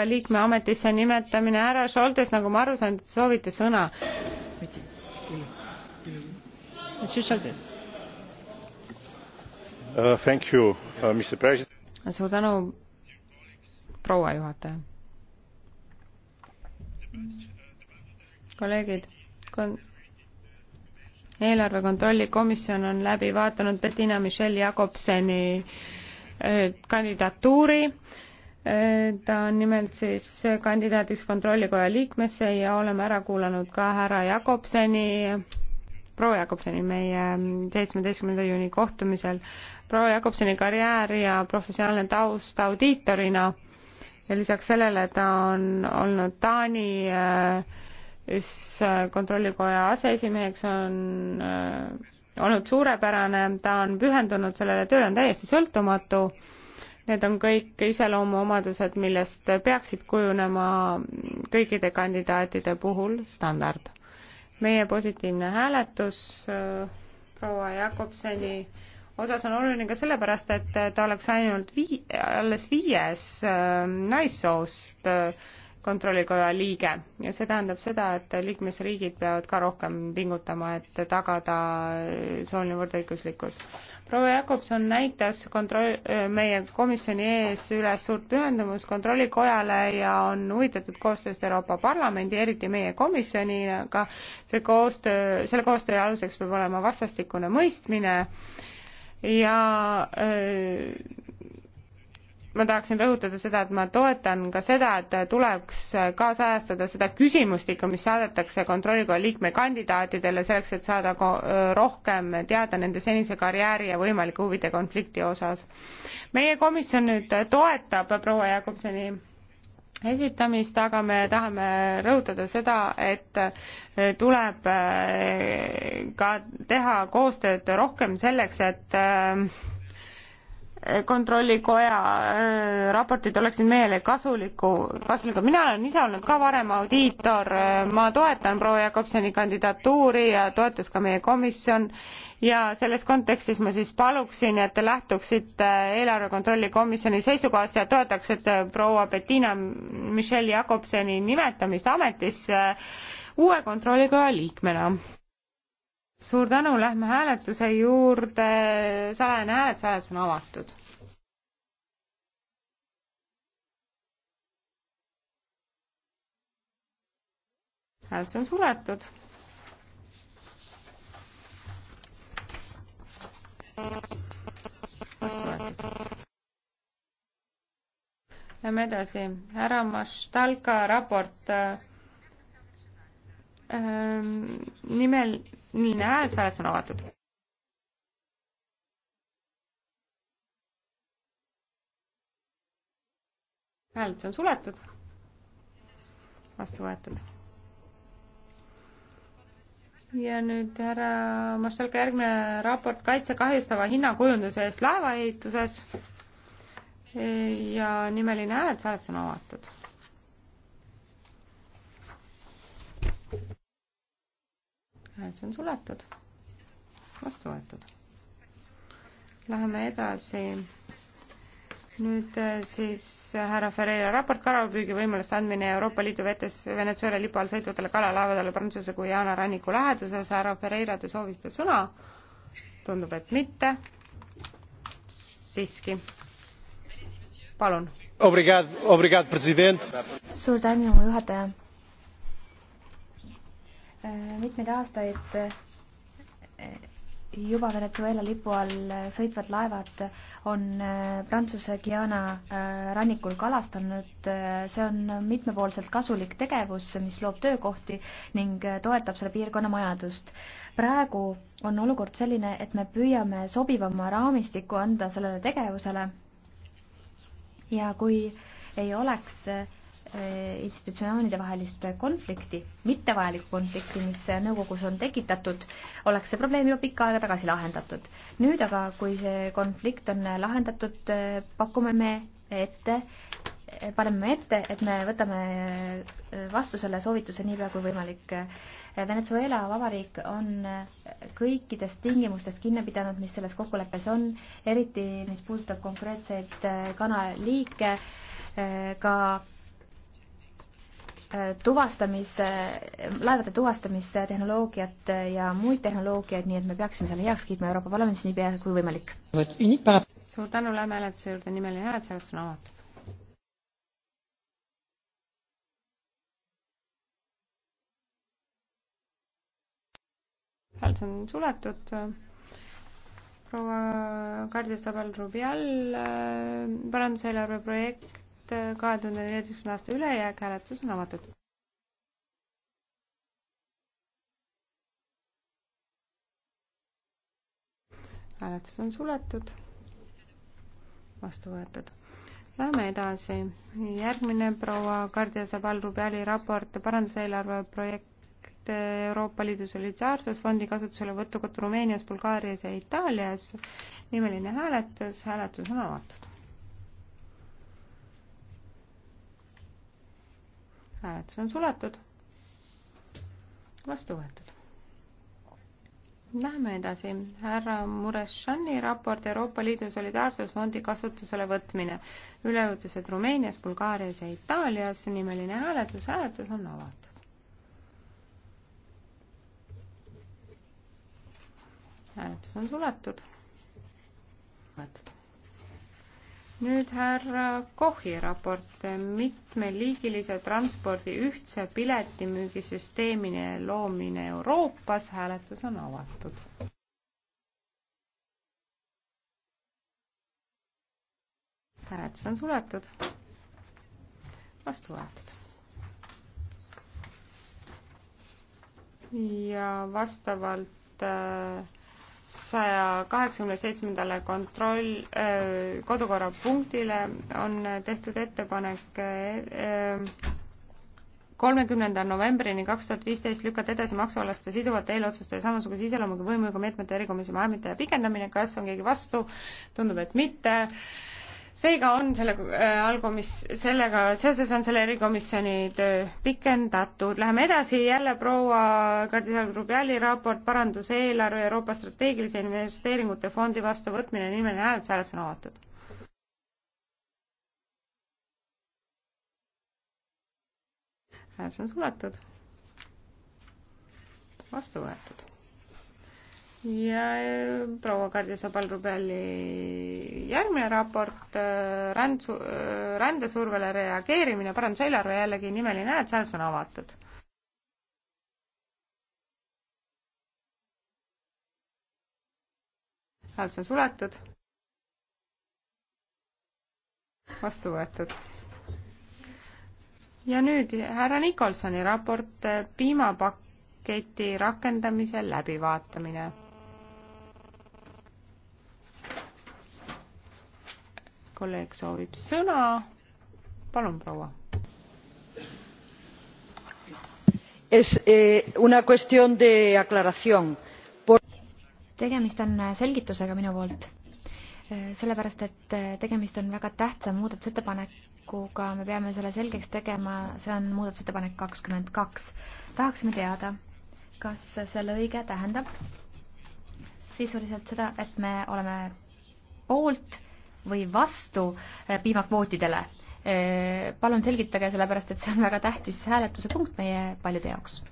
liikme ametisse nimetamine. härra Šoltes, nagu ma aru saan, soovite sõna? Uh, thank you, uh, Mr President. suur tänu, proua juhataja. kolleegid kon..., eelarve kontrolli komisjon on läbi vaadanud Bettina Michelle Jakobseni äh, kandidatuuri ta on nimelt siis kandidaadiks kontrollikoja liikmesse ja oleme ära kuulanud ka härra Jakobseni, proua Jakobseni meie seitsmeteistkümnenda juuni kohtumisel. proua Jakobseni karjäär ja professionaalne taust audiitorina ja lisaks sellele ta on olnud Taani siis äh, kontrollikoja aseesimeheks on äh, olnud suurepärane, ta on pühendunud sellele tööle, on täiesti sõltumatu Need on kõik iseloomuomadused, millest peaksid kujunema kõikide kandidaatide puhul standard. meie positiivne hääletus äh, proua Jakobseni osas on oluline ka sellepärast, et ta oleks ainult vii-, alles viies äh, naissoost nice äh, kontrollikoja liige ja see tähendab seda, et liikmesriigid peavad ka rohkem pingutama, et tagada sooline võrdõiguslikkus. proua Jakobson näitas kontroll, meie komisjoni ees üles suurt pühendumust kontrollikojale ja on huvitatud koostööst Euroopa Parlamendi, eriti meie komisjoniga. see koostöö, selle koostöö aluseks peab olema vastastikune mõistmine ja öö, ma tahaksin rõhutada seda, et ma toetan ka seda, et tuleks kaasajastada seda küsimustikku, mis saadetakse kontrollikoja liikme kandidaatidele selleks, et saada rohkem teada nende senise karjääri ja võimaliku huvide konflikti osas. meie komisjon nüüd toetab proua Jakobsoni esitamist, aga me tahame rõhutada seda, et tuleb eh, ka teha koostööd rohkem selleks, et eh, kontrollikoja äh, raportid oleksid meile kasuliku, kasulikud. mina olen ise olnud ka varem audiitor, ma toetan proua Jakobsoni kandidatuuri ja toetas ka meie komisjon ja selles kontekstis ma siis paluksin, et te lähtuksite eelarve kontrolli komisjoni seisukohast ja toetaksite proua Bettina Michelle Jakobsoni nimetamist ametisse uue kontrollikoja liikmena suur tänu, lähme hääletuse juurde, salajane hääletus, hääletus on avatud. hääletus on suletud. vastu võetud. Lähme edasi, härra Maštalka raport äh, Ehm, nimel, nii hääletus, hääletus on avatud. hääletus on suletud, vastu võetud. ja nüüd härra Maštalka järgmine raport kaitse kahjustava hinnakujunduse eest laevaehituses ja nimeline hääletus, hääletus on avatud hääl on suletud, vastu võetud. Läheme edasi. nüüd äh, siis äh, härra Ferreira raport kalapüügi võimaluste andmine Euroopa Liidu vetes Venezuela lipu all sõitvatele kalalaevadele Prantsuse Guyana ranniku läheduses. härra Ferreira, te soovisite sõna? tundub, et mitte. siiski. palun. suur tänu, juhataja Äh, mitmeid aastaid äh, juba Venezuela lipu all sõitvad laevad on äh, Prantsuse Guyana rannikul kalastanud. see on mitmepoolselt kasulik tegevus, mis loob töökohti ning toetab selle piirkonna majandust. praegu on olukord selline, et me püüame sobivama raamistiku anda sellele tegevusele ja kui ei oleks institutsioonide vahelist konflikti, mittevajalikku konflikti, mis nõukogus on tekitatud, oleks see probleem juba pikka aega tagasi lahendatud. nüüd aga, kui see konflikt on lahendatud, pakume me ette, paneme me ette, et me võtame vastu selle soovituse niipea kui võimalik. Venezuela vabariik on kõikidest tingimustest kinni pidanud, mis selles kokkuleppes on, eriti mis puudutab konkreetseid kanaliike, ka tuvastamise, laevade tuvastamistehnoloogiat ja muid tehnoloogiaid, nii et me peaksime selle heaks kiitma Euroopa Parlamendis niipea kui võimalik. suur tänu, lähme hääletuse juurde, nimeline hääletus, hääletus on avatud. hääletus on suletud. proua Kardisabel Rubial, äh, paranduseelarve projekt raport äh, kahe tuhande neljateistkümne aasta ülejääk, hääletus on avatud. hääletus on suletud, vastu võetud. Läheme edasi, järgmine proua Kardia Sabal-Rubiali raport, paranduseelarve projekt Euroopa Liidu solidaarsusfondi kasutuselevõtuga Rumeenias, Bulgaarias ja Itaalias. nimeline hääletus, hääletus on avatud. hääletus on suletud. vastu võetud. Lähme edasi. härra Mureshani raport Euroopa Liidu Solidaarsusfondi kasutusele võtmine. üleujutused Rumeenias, Bulgaarias ja Itaalias. nimeline hääletus. hääletus on avatud. hääletus on suletud. võetud nüüd härra Kochi raport, mitmeliigilise transpordi ühtse piletimüügisüsteemine loomine Euroopas, hääletus on avatud. hääletus on suletud, vastu võetud. ja vastavalt äh, saja kaheksakümne seitsmendale kontroll, äh, kodukorrapunktile on tehtud ettepanek äh, äh, kolmekümnenda novembrini kaks tuhat viisteist lükata edasi maksualaste siduvate eelotsuste ja samasuguse iseloomuga võimõigumeetmete erikomisjoni ajamine ja pikendamine, kas on keegi vastu, tundub, et mitte seega on selle äh, allkomis-, sellega seoses on selle erikomisjoni töö pikendatud. Läheme edasi, jälle proua kardinal Rubiali raport, paranduseelarve Euroopa strateegilise investeeringute fondi vastuvõtmine, nimeline hääletus, hääletus on avatud. hääletus on suletud. vastu võetud ja eh, proua Kardisa Palrubeli järgmine raport, eh, ränd, eh, rändesurvele reageerimine, parandus eelarve jällegi nimeline hääl, seal on avatud. hääl on suletud. vastu võetud. ja nüüd härra Nikolsoni raport piimapaketi rakendamise läbivaatamine kolleeg soovib sõna. palun, proua. Es eh, una cuestión de aclaración. Por... tegemist on eh, selgitusega minu poolt, eh, sellepärast et eh, tegemist on väga tähtsa muudatusettepanekuga, me peame selle selgeks tegema, see on muudatusettepanek kakskümmend kaks. tahaksime teada, kas see lõige tähendab sisuliselt seda, et me oleme poolt või vastu eh, piimakvootidele. Eh, palun selgitage, sellepärast et see on väga tähtis hääletuse punkt meie paljude jaoks.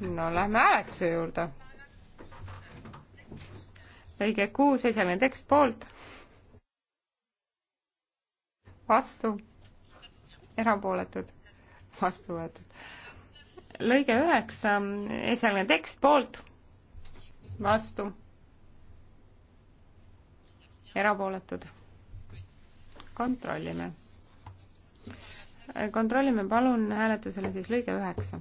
no lähme hääletuse juurde. lõige kuus, esimene tekst poolt. vastu. erapooletud. vastu võetud lõige üheksa, esialgne tekst poolt, vastu, erapooletud. kontrollime. kontrollime palun hääletusele siis lõige üheksa.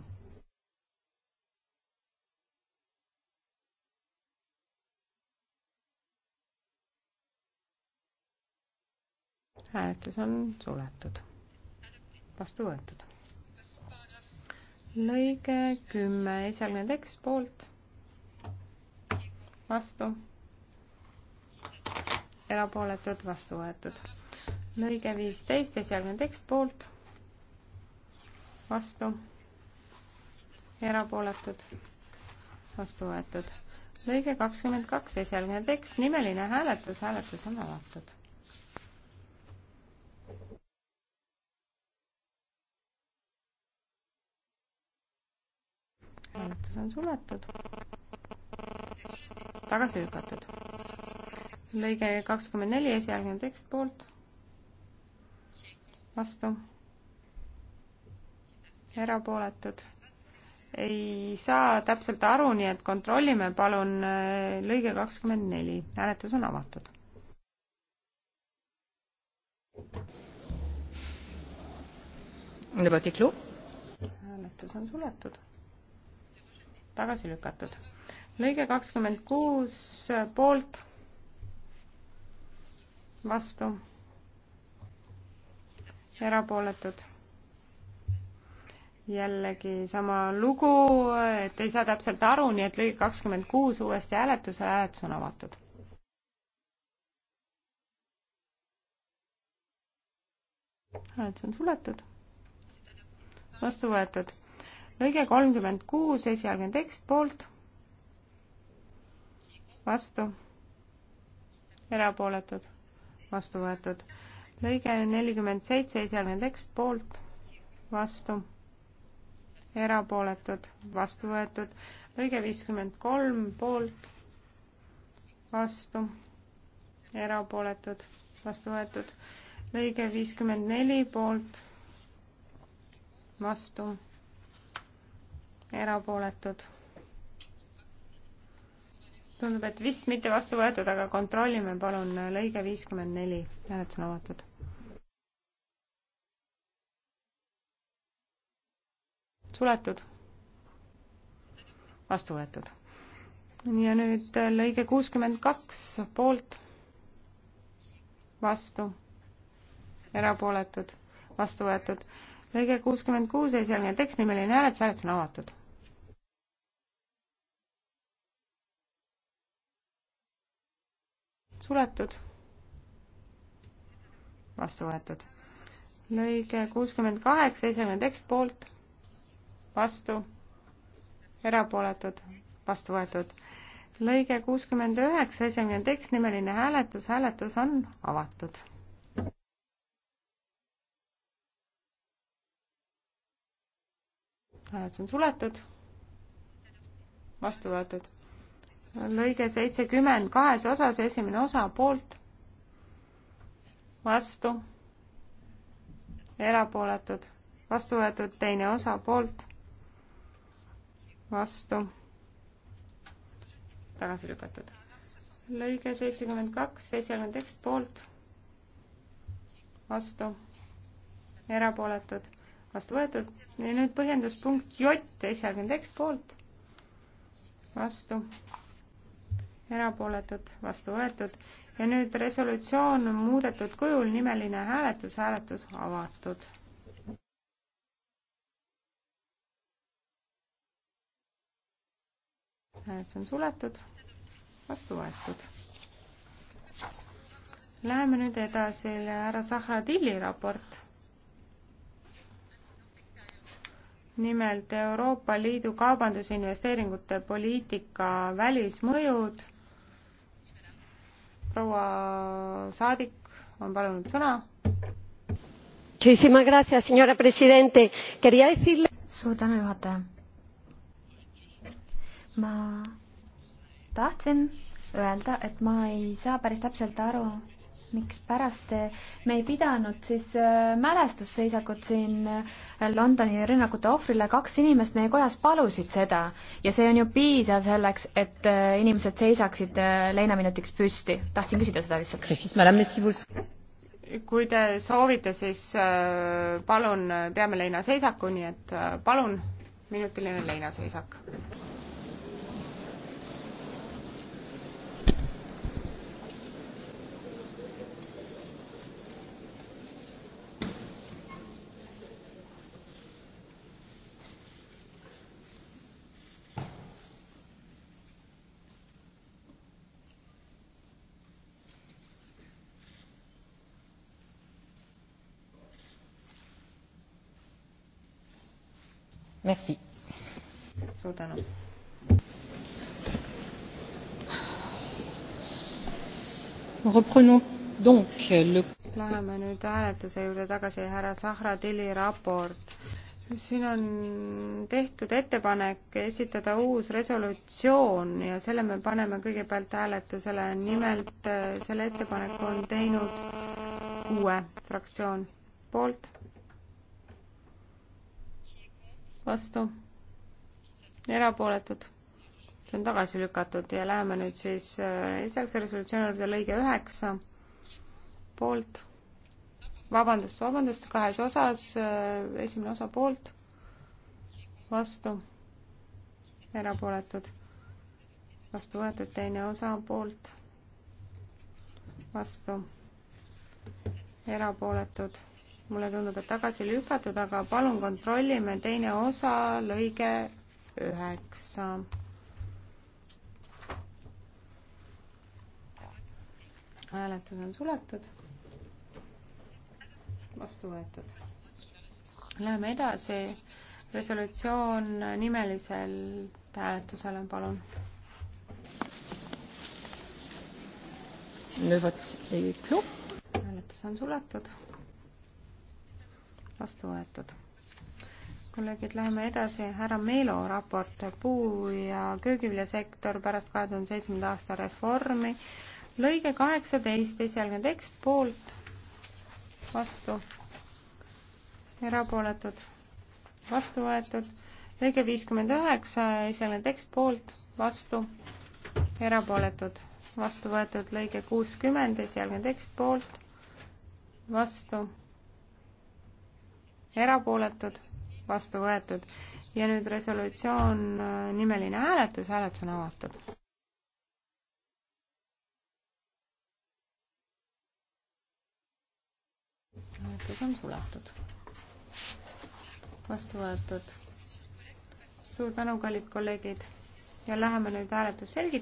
hääletus on suletud, vastu võetud lõige kümme, esialgne tekst poolt, vastu, erapooletud, vastu võetud. lõige viisteist, esialgne tekst poolt, vastu, erapooletud, vastu võetud. lõige kakskümmend kaks, esialgne tekst, nimeline hääletus, hääletus on avatud hääletus on suletud. tagasi lükatud. lõige kakskümmend neli, esialgne tekst poolt. vastu. erapooletud. ei saa täpselt aru, nii et kontrollime palun äh, lõige kakskümmend neli, hääletus on avatud. Le vote est clos. Hääletus on suletud tagasi lükatud. lõige kakskümmend kuus poolt, vastu, erapooletud. jällegi sama lugu, et ei saa täpselt aru, nii et lõige kakskümmend kuus uuesti hääletusele, hääletus on avatud. hääletus on suletud vastu võetud lõige kolmkümmend kuus, esialgne tekst poolt, vastu, erapooletud, vastu võetud. lõige nelikümmend seitse, esialgne tekst poolt, vastu, erapooletud, vastu võetud. lõige viiskümmend kolm poolt, vastu, erapooletud, vastu võetud. lõige viiskümmend neli poolt, vastu erapooletud. tundub, et vist mitte vastu võetud, aga kontrollime palun, lõige viiskümmend neli, hääletus on avatud. suletud, vastu võetud. ja nüüd lõige kuuskümmend kaks, poolt, vastu, erapooletud, vastu võetud lõige kuuskümmend kuus, esialgne tekst, nimeline hääletus, hääletus on avatud. suletud, vastu võetud. lõige kuuskümmend kaheksa, esimene tekst poolt, vastu, erapooletud, vastu võetud. lõige kuuskümmend üheksa, esimene tekst, nimeline hääletus, hääletus on avatud. hääletus on suletud, vastu võetud lõige seitsekümmend kahes osas, esimene osa poolt, vastu, erapooletud, vastu võetud teine osa poolt, vastu, tagasi lükatud. lõige seitsekümmend kaks, esialgne tekst poolt, vastu, erapooletud, vastu võetud ja nüüd põhjenduspunkt J, esialgne tekst poolt, vastu erapooletud, vastu võetud ja nüüd resolutsioon muudetud kujul, nimeline hääletus, hääletus avatud. hääletus on suletud, vastu võetud. Läheme nüüd edasi, härra Zahradili raport. nimelt Euroopa Liidu kaubandusinvesteeringute poliitika välismõjud proua saadik on palunud sõna. suur tänu, juhataja. ma tahtsin öelda, et ma ei saa päris täpselt aru mikspärast me ei pidanud siis äh, mälestusseisakut siin äh, Londoni rünnakute ohvrile, kaks inimest meie kojas palusid seda ja see on ju piisav selleks, et äh, inimesed seisaksid leinaminutiks püsti. tahtsin küsida seda lihtsalt. kui te soovite, siis palun peame leinaseisaku, nii et palun minutiline leinaseisak. Merci. suur tänu. Läheme nüüd hääletuse juurde tagasi, härra Sahra Tili raport siin on tehtud ettepanek esitada uus resolutsioon ja selle me paneme kõigepealt hääletusele. nimelt äh, selle ettepaneku on teinud kuue fraktsioon poolt, vastu, erapooletud, see on tagasi lükatud ja läheme nüüd siis äh, esialgse resolutsiooni juurde lõige üheksa, poolt, vabandust, vabandust, kahes osas, äh, esimene osa poolt, vastu, erapooletud, vastu võetud, teine osa poolt, vastu, erapooletud mulle tundub, et tagasi lükatud, aga palun kontrollime teine osa, lõige üheksa. hääletus on suletud. vastu võetud. Läheme edasi. resolutsioon nimeliselt hääletusele, palun. hääletus on suletud vastu võetud. kolleegid, läheme edasi, härra Meelo raport puu- ja köögiviljasektor pärast kahe tuhande seitsmenda aasta reformi. lõige kaheksateist, esialgne tekst, poolt, vastu, erapooletud, vastu võetud. lõige viiskümmend üheksa, esialgne tekst, poolt, vastu, erapooletud, vastu võetud. lõige kuuskümmend, esialgne tekst, poolt, vastu erapooletud, vastu võetud. ja nüüd resolutsioon, äh, nimeline hääletus, hääletus on avatud. hääletus on suletud. vastu võetud. suur tänu, kallid kolleegid ja läheme nüüd hääletusselgitusele.